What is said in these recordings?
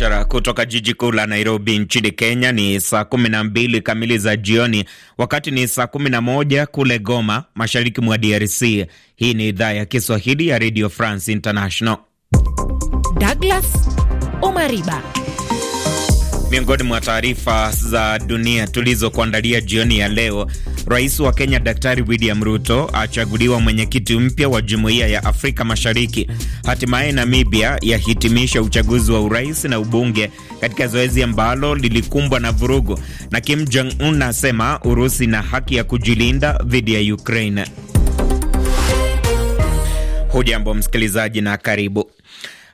mubashara kutoka jiji kuu la Nairobi nchini Kenya. Ni saa kumi na mbili kamili za jioni, wakati ni saa kumi na moja kule Goma, mashariki mwa DRC. Hii ni idhaa ya Kiswahili ya Radio France International. Douglas Omariba Miongoni mwa taarifa za dunia tulizokuandalia jioni ya leo, rais wa Kenya Daktari William Ruto achaguliwa mwenyekiti mpya wa Jumuiya ya Afrika Mashariki. Hatimaye Namibia yahitimisha uchaguzi wa urais na ubunge katika zoezi ambalo lilikumbwa na vurugu, na Kim Jong Un asema Urusi na haki ya kujilinda dhidi ya Ukraine. Hujambo msikilizaji na karibu.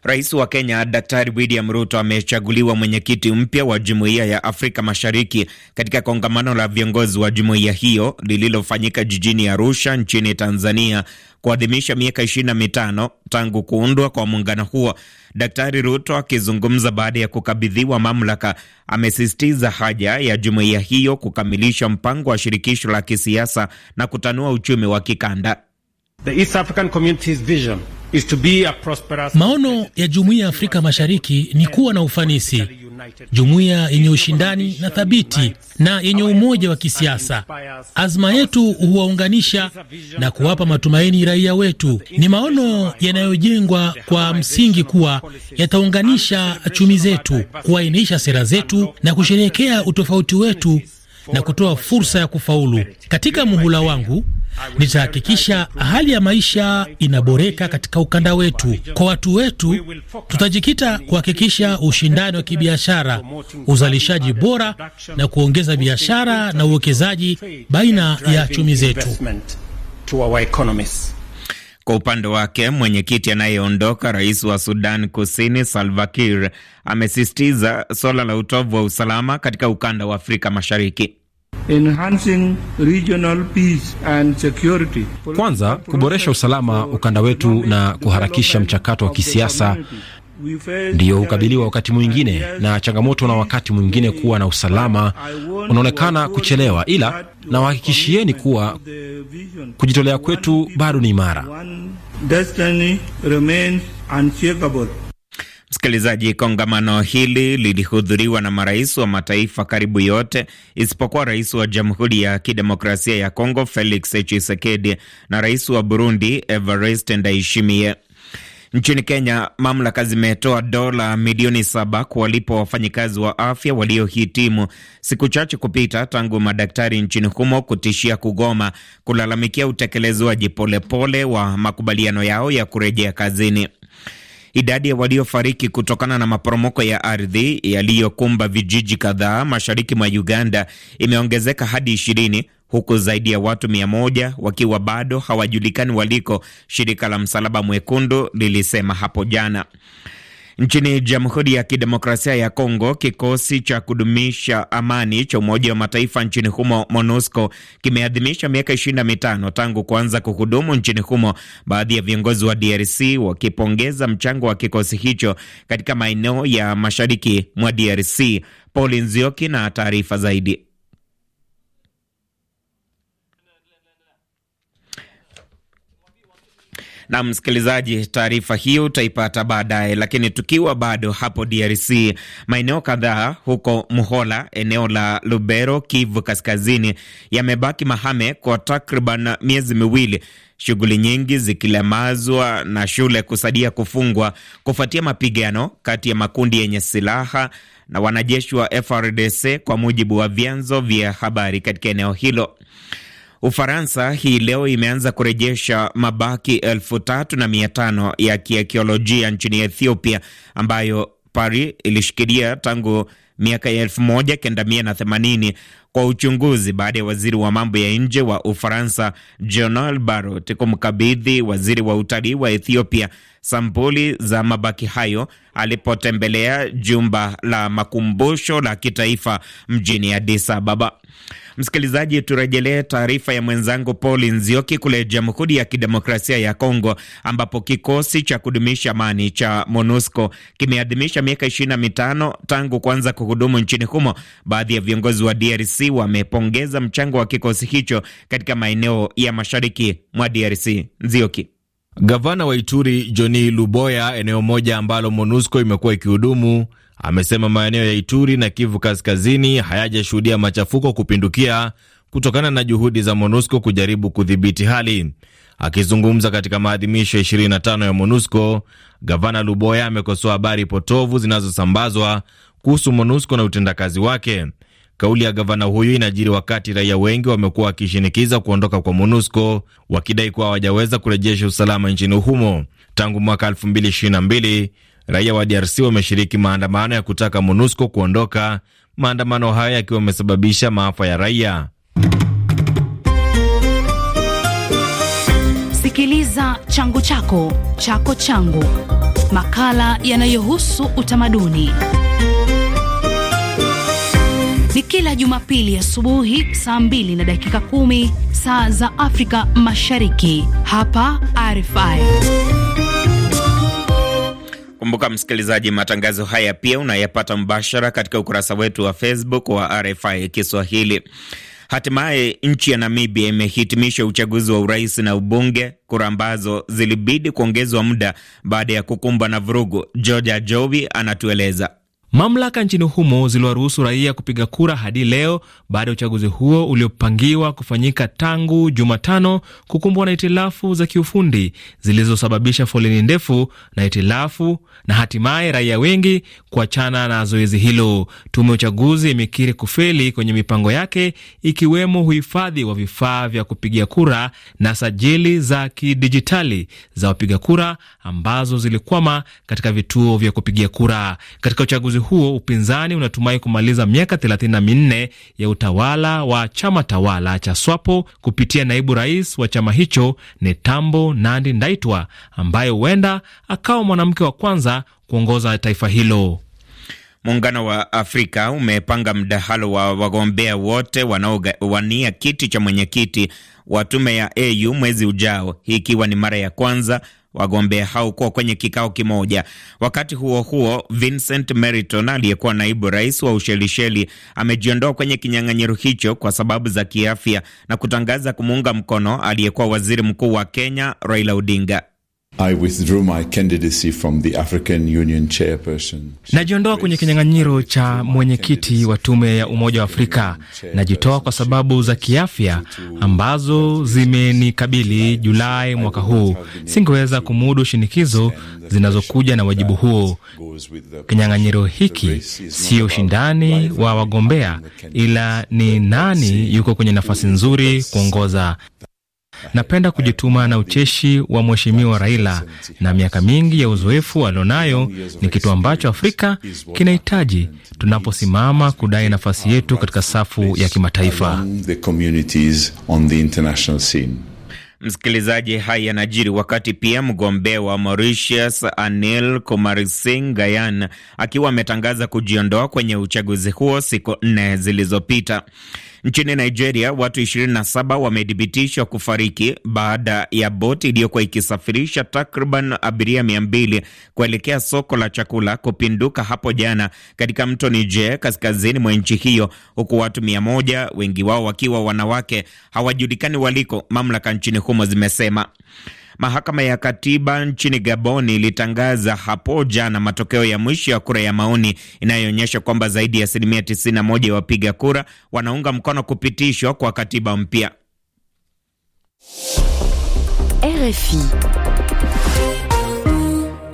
Rais wa Kenya Daktari William Ruto amechaguliwa mwenyekiti mpya wa jumuiya ya Afrika Mashariki katika kongamano la viongozi wa jumuiya hiyo lililofanyika jijini Arusha nchini Tanzania kuadhimisha miaka 25 tangu kuundwa kwa muungano huo. Daktari Ruto akizungumza baada ya kukabidhiwa mamlaka, amesisitiza haja ya jumuiya hiyo kukamilisha mpango wa shirikisho la kisiasa na kutanua uchumi wa kikanda. The East African Community's vision Maono ya jumuiya ya Afrika Mashariki ni kuwa na ufanisi, jumuiya yenye ushindani na thabiti na yenye umoja wa kisiasa. Azma yetu huwaunganisha na kuwapa matumaini raia wetu. Ni maono yanayojengwa kwa msingi kuwa yataunganisha chumi zetu, kuainisha sera zetu na kusherehekea utofauti wetu na kutoa fursa ya kufaulu. Katika muhula wangu Nitahakikisha hali ya maisha inaboreka katika ukanda wetu. Kwa watu wetu, tutajikita kuhakikisha ushindani wa kibiashara, uzalishaji bora na kuongeza biashara na uwekezaji baina ya chumi zetu. Kwa upande wake mwenyekiti anayeondoka rais wa Sudan Kusini Salva Kiir amesisitiza suala la utovu wa usalama katika ukanda wa Afrika Mashariki. Enhancing regional peace and security. Kwanza, kuboresha usalama ukanda wetu na kuharakisha mchakato wa kisiasa ndiyo hukabiliwa wakati mwingine na changamoto, na wakati mwingine kuwa na usalama unaonekana kuchelewa, ila nawahakikishieni kuwa kujitolea kwetu bado ni imara. Msikilizaji, kongamano hili lilihudhuriwa na marais wa mataifa karibu yote isipokuwa rais wa Jamhuri ya Kidemokrasia ya Kongo Felix Tshisekedi na rais wa Burundi Evariste Ndayishimiye. Nchini Kenya, mamlaka zimetoa dola milioni saba kuwalipa wafanyikazi wa afya waliohitimu, siku chache kupita tangu madaktari nchini humo kutishia kugoma kulalamikia utekelezwaji polepole wa makubaliano yao ya kurejea kazini. Idadi ya waliofariki kutokana na maporomoko ya ardhi yaliyokumba vijiji kadhaa mashariki mwa Uganda imeongezeka hadi ishirini huku zaidi ya watu mia moja wakiwa bado hawajulikani waliko, shirika la Msalaba Mwekundu lilisema hapo jana. Nchini Jamhuri ya Kidemokrasia ya Kongo, kikosi cha kudumisha amani cha Umoja wa Mataifa nchini humo MONUSCO kimeadhimisha miaka ishirini na mitano tangu kuanza kuhudumu nchini humo, baadhi ya viongozi wa DRC wakipongeza mchango wa kikosi hicho katika maeneo ya mashariki mwa DRC. Paul Nzioki na taarifa zaidi. Na msikilizaji, taarifa hiyo utaipata baadaye, lakini tukiwa bado hapo DRC, maeneo kadhaa huko Muhola, eneo la Lubero, Kivu Kaskazini, yamebaki mahame kwa takriban miezi miwili shughuli nyingi zikilemazwa na shule kusadia kufungwa kufuatia mapigano kati ya makundi yenye silaha na wanajeshi wa FRDC, kwa mujibu wa vyanzo vya habari katika eneo hilo. Ufaransa hii leo imeanza kurejesha mabaki elfu tatu na mia tano ya kiakiolojia nchini Ethiopia ambayo Paris ilishikilia tangu miaka ya elfu moja kenda mia na themanini kwa uchunguzi baada ya waziri wa mambo ya nje wa Ufaransa Jonal Barot kumkabidhi waziri wa utalii wa Ethiopia sampuli za mabaki hayo alipotembelea jumba la makumbusho la kitaifa mjini Addis Ababa. Msikilizaji, turejelee taarifa ya mwenzangu Paul Nzioki kule Jamhuri ya Kidemokrasia ya Kongo, ambapo kikosi cha kudumisha amani cha MONUSCO kimeadhimisha miaka ishirini na mitano tangu kuanza kuhudumu nchini humo. Baadhi ya viongozi wa DRC wamepongeza mchango wa kikosi hicho katika maeneo ya mashariki mwa DRC. Nzioki. Gavana wa Ituri Johnny Luboya, eneo moja ambalo MONUSCO imekuwa ikihudumu amesema maeneo ya Ituri na Kivu Kaskazini hayajashuhudia machafuko kupindukia kutokana na juhudi za MONUSCO kujaribu kudhibiti hali. Akizungumza katika maadhimisho 25 ya MONUSCO, gavana Luboya amekosoa habari potovu zinazosambazwa kuhusu MONUSCO na utendakazi wake. Kauli ya gavana huyu inajiri wakati raia wengi wamekuwa wakishinikiza kuondoka kwa MONUSCO wakidai kuwa hawajaweza kurejesha usalama nchini humo tangu mwaka Raia wa DRC wameshiriki maandamano ya kutaka MONUSCO kuondoka, maandamano hayo yakiwa yamesababisha maafa ya raia. Sikiliza changu chako chako changu, makala yanayohusu utamaduni ni kila Jumapili asubuhi saa 2 na dakika kumi saa za Afrika Mashariki hapa RFI. Kumbuka msikilizaji, matangazo haya pia unayapata mbashara katika ukurasa wetu wa Facebook wa RFI Kiswahili. Hatimaye nchi ya Namibia imehitimisha uchaguzi wa urais na ubunge, kura ambazo zilibidi kuongezwa muda baada ya kukumbwa na vurugu. Georgia jovi anatueleza. Mamlaka nchini humo ziliwaruhusu raia kupiga kura hadi leo baada ya uchaguzi huo uliopangiwa kufanyika tangu Jumatano kukumbwa na itilafu za kiufundi zilizosababisha foleni ndefu na hitilafu na hatimaye raia wengi kuachana na zoezi hilo. Tume ya uchaguzi imekiri kufeli kwenye mipango yake ikiwemo uhifadhi wa vifaa vya kupigia kura na sajili za kidijitali za wapiga kura ambazo zilikwama katika vituo vya kupigia kura katika uchaguzi uchaguzi huo, upinzani unatumai kumaliza miaka 34 ya utawala wa chama tawala cha SWAPO kupitia naibu rais wa chama hicho Netambo Nandi Ndaitwa, ambaye huenda akawa mwanamke wa kwanza kuongoza taifa hilo. Muungano wa Afrika umepanga mdahalo wa wagombea wote wanaowania kiti cha mwenyekiti wa tume ya AU mwezi ujao, hii ikiwa ni mara ya kwanza wagombea hao kuwa kwenye kikao kimoja. Wakati huo huo, Vincent Meriton aliyekuwa naibu rais wa Ushelisheli amejiondoa kwenye kinyang'anyiro hicho kwa sababu za kiafya na kutangaza kumuunga mkono aliyekuwa waziri mkuu wa Kenya Raila Odinga. I withdrew my candidacy from the African Union chairperson. Najiondoa kwenye kinyang'anyiro cha mwenyekiti wa tume ya Umoja wa Afrika. Najitoa kwa sababu za kiafya ambazo zimenikabili Julai mwaka huu. Singeweza kumudu shinikizo zinazokuja na wajibu huo. Kinyang'anyiro hiki sio ushindani wa wagombea, ila ni nani yuko kwenye nafasi nzuri kuongoza. Napenda kujituma na ucheshi wa mheshimiwa Raila na miaka mingi ya uzoefu alionayo ni kitu ambacho Afrika kinahitaji tunaposimama kudai nafasi yetu katika safu ya kimataifa. Msikilizaji, haya yanajiri wakati pia mgombea wa Mauritius Anil Kumarising Gayan akiwa ametangaza kujiondoa kwenye uchaguzi huo siku nne zilizopita. Nchini Nigeria, watu 27 wamethibitishwa kufariki baada ya boti iliyokuwa ikisafirisha takriban abiria 200 kuelekea soko la chakula kupinduka hapo jana katika mto Niger kaskazini mwa nchi hiyo, huku watu 100 wengi wao wakiwa wanawake hawajulikani waliko, mamlaka nchini humo zimesema. Mahakama ya Katiba nchini Gabon ilitangaza hapo jana matokeo ya mwisho ya kura ya maoni inayoonyesha kwamba zaidi ya asilimia 91 ya wapiga kura wanaunga mkono kupitishwa kwa katiba mpya. RFI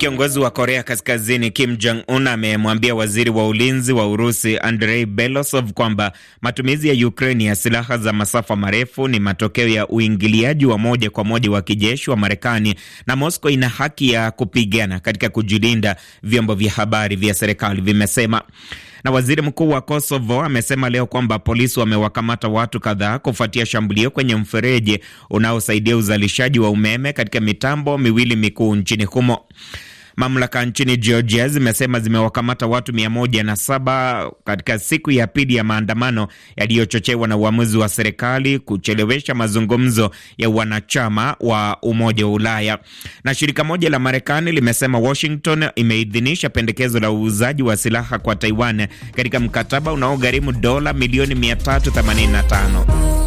Kiongozi wa Korea Kaskazini Kim Jong Un amemwambia waziri wa ulinzi wa Urusi Andrei Belosov kwamba matumizi ya Ukraini ya silaha za masafa marefu ni matokeo ya uingiliaji wa moja kwa moja wa kijeshi wa Marekani na mosco ina haki ya kupigana katika kujilinda, vyombo vya habari vya serikali vimesema. Na waziri mkuu wa Kosovo amesema leo kwamba polisi wamewakamata watu kadhaa kufuatia shambulio kwenye mfereji unaosaidia uzalishaji wa umeme katika mitambo miwili mikuu nchini humo. Mamlaka nchini Georgia zimesema zimewakamata watu 17 katika siku ya pili ya maandamano yaliyochochewa na uamuzi wa serikali kuchelewesha mazungumzo ya wanachama wa Umoja wa Ulaya. Na shirika moja la Marekani limesema Washington imeidhinisha pendekezo la uuzaji wa silaha kwa Taiwan katika mkataba unaogharimu dola milioni 385.